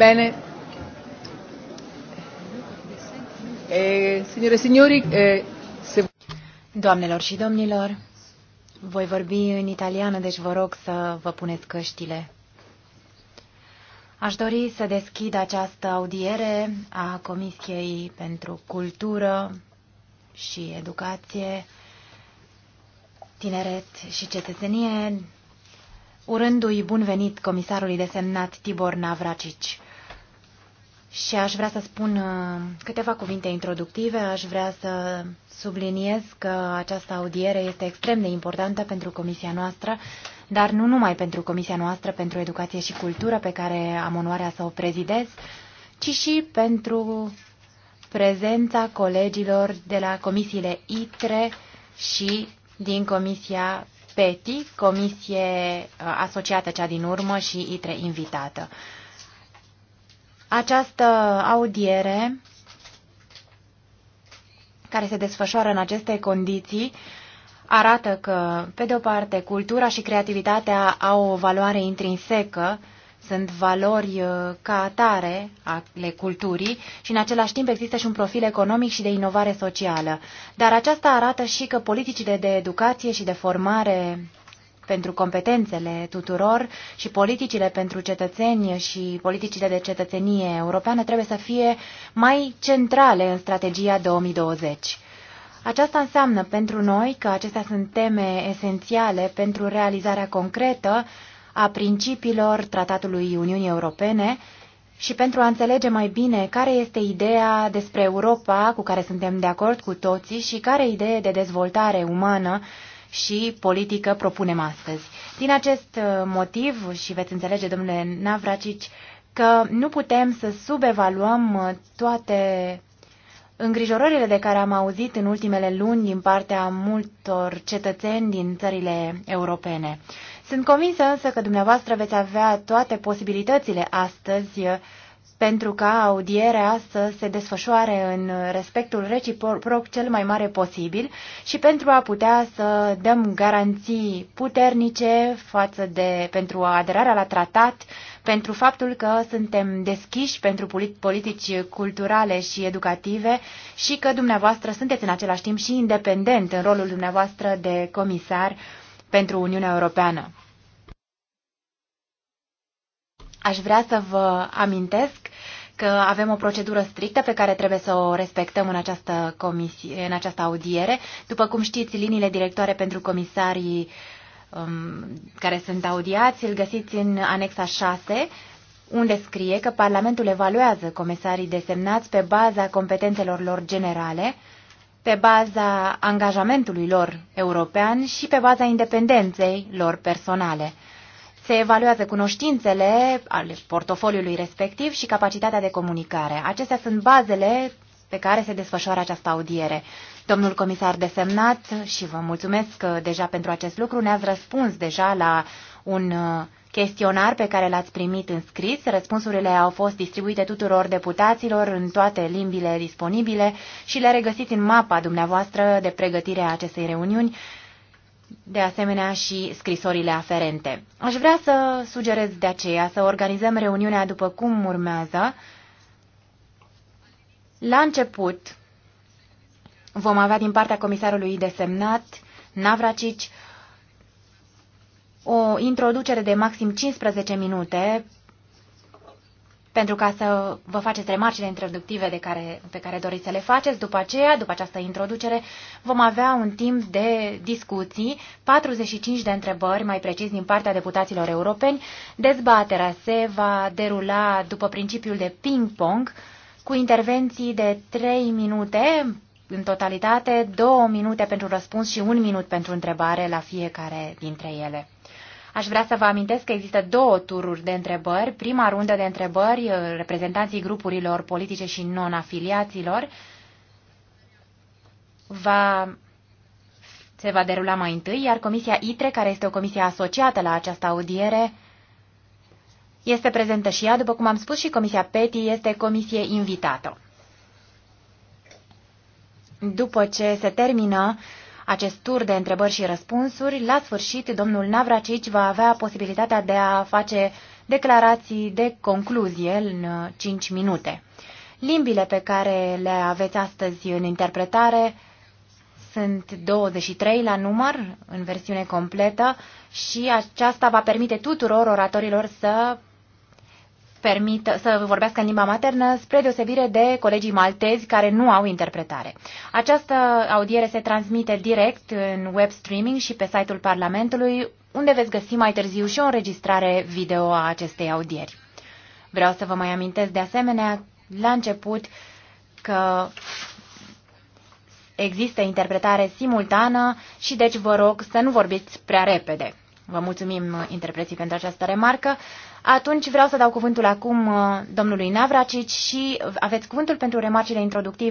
Bene. Eh, signore e signori, eh, se... Doamnelor și domnilor, voi vorbi în italiană, deci vă rog să vă puneți căștile. Aș dori să deschid această audiere a Comisiei pentru Cultură și Educație, Tineret și Cetățenie, urându-i bun venit comisarului desemnat Tibor Navracici și aș vrea să spun uh, câteva cuvinte introductive. Aș vrea să subliniez că această audiere este extrem de importantă pentru comisia noastră, dar nu numai pentru comisia noastră pentru educație și cultură, pe care am onoarea să o prezidez, ci și pentru prezența colegilor de la comisiile ITRE și din comisia PETI, comisie uh, asociată cea din urmă și ITRE invitată. Această audiere care se desfășoară în aceste condiții arată că, pe de o parte, cultura și creativitatea au o valoare intrinsecă, sunt valori uh, ca atare ale culturii și în același timp există și un profil economic și de inovare socială. Dar aceasta arată și că politicile de educație și de formare pentru competențele tuturor și politicile pentru cetățeni și politicile de cetățenie europeană trebuie să fie mai centrale în strategia 2020. Aceasta înseamnă pentru noi că acestea sunt teme esențiale pentru realizarea concretă a principiilor Tratatului Uniunii Europene și pentru a înțelege mai bine care este ideea despre Europa cu care suntem de acord cu toții și care idee de dezvoltare umană și politică propunem astăzi. Din acest uh, motiv, și veți înțelege, domnule Navracici, că nu putem să subevaluăm uh, toate îngrijorările de care am auzit în ultimele luni din partea multor cetățeni din țările europene. Sunt convinsă însă că dumneavoastră veți avea toate posibilitățile astăzi uh, pentru ca audierea să se desfășoare în respectul reciproc cel mai mare posibil și pentru a putea să dăm garanții puternice față de, pentru aderarea la tratat, pentru faptul că suntem deschiși pentru politici culturale și educative și că dumneavoastră sunteți în același timp și independent în rolul dumneavoastră de comisar pentru Uniunea Europeană. Aș vrea să vă amintesc că avem o procedură strictă pe care trebuie să o respectăm în această, comisie, în această audiere. După cum știți, liniile directoare pentru comisarii um, care sunt audiați îl găsiți în anexa 6, unde scrie că Parlamentul evaluează comisarii desemnați pe baza competențelor lor generale, pe baza angajamentului lor european și pe baza independenței lor personale se evaluează cunoștințele ale portofoliului respectiv și capacitatea de comunicare. Acestea sunt bazele pe care se desfășoară această audiere. Domnul comisar desemnat, și vă mulțumesc uh, deja pentru acest lucru, ne-ați răspuns deja la un uh, chestionar pe care l-ați primit în scris. Răspunsurile au fost distribuite tuturor deputaților în toate limbile disponibile și le regăsiți în mapa dumneavoastră de pregătire a acestei reuniuni de asemenea și scrisorile aferente. Aș vrea să sugerez de aceea să organizăm reuniunea după cum urmează. La început vom avea din partea comisarului desemnat, Navracici, o introducere de maxim 15 minute pentru ca să vă faceți remarcile introductive de care, pe care doriți să le faceți. După aceea, după această introducere, vom avea un timp de discuții, 45 de întrebări, mai precis, din partea deputaților europeni. Dezbaterea se va derula după principiul de ping-pong, cu intervenții de 3 minute în totalitate, 2 minute pentru răspuns și 1 minut pentru întrebare la fiecare dintre ele. Aș vrea să vă amintesc că există două tururi de întrebări. Prima rundă de întrebări, uh, reprezentanții grupurilor politice și non-afiliaților, va, se va derula mai întâi, iar Comisia ITRE, care este o comisie asociată la această audiere, este prezentă și ea, după cum am spus, și Comisia PETI este comisie invitată. După ce se termină acest tur de întrebări și răspunsuri. La sfârșit, domnul Navracici va avea posibilitatea de a face declarații de concluzie în 5 uh, minute. Limbile pe care le aveți astăzi în interpretare sunt 23 la număr, în versiune completă, și aceasta va permite tuturor oratorilor să permit să vorbească în limba maternă, spre deosebire de colegii maltezi care nu au interpretare. Această audiere se transmite direct în web streaming și pe site-ul Parlamentului, unde veți găsi mai târziu și o înregistrare video a acestei audieri. Vreau să vă mai amintesc de asemenea la început că există interpretare simultană și deci vă rog să nu vorbiți prea repede. Vă mulțumim uh, interpreții pentru această remarcă. Atunci vreau să dau cuvântul acum uh, domnului Navracici și aveți cuvântul pentru remarcile introductive.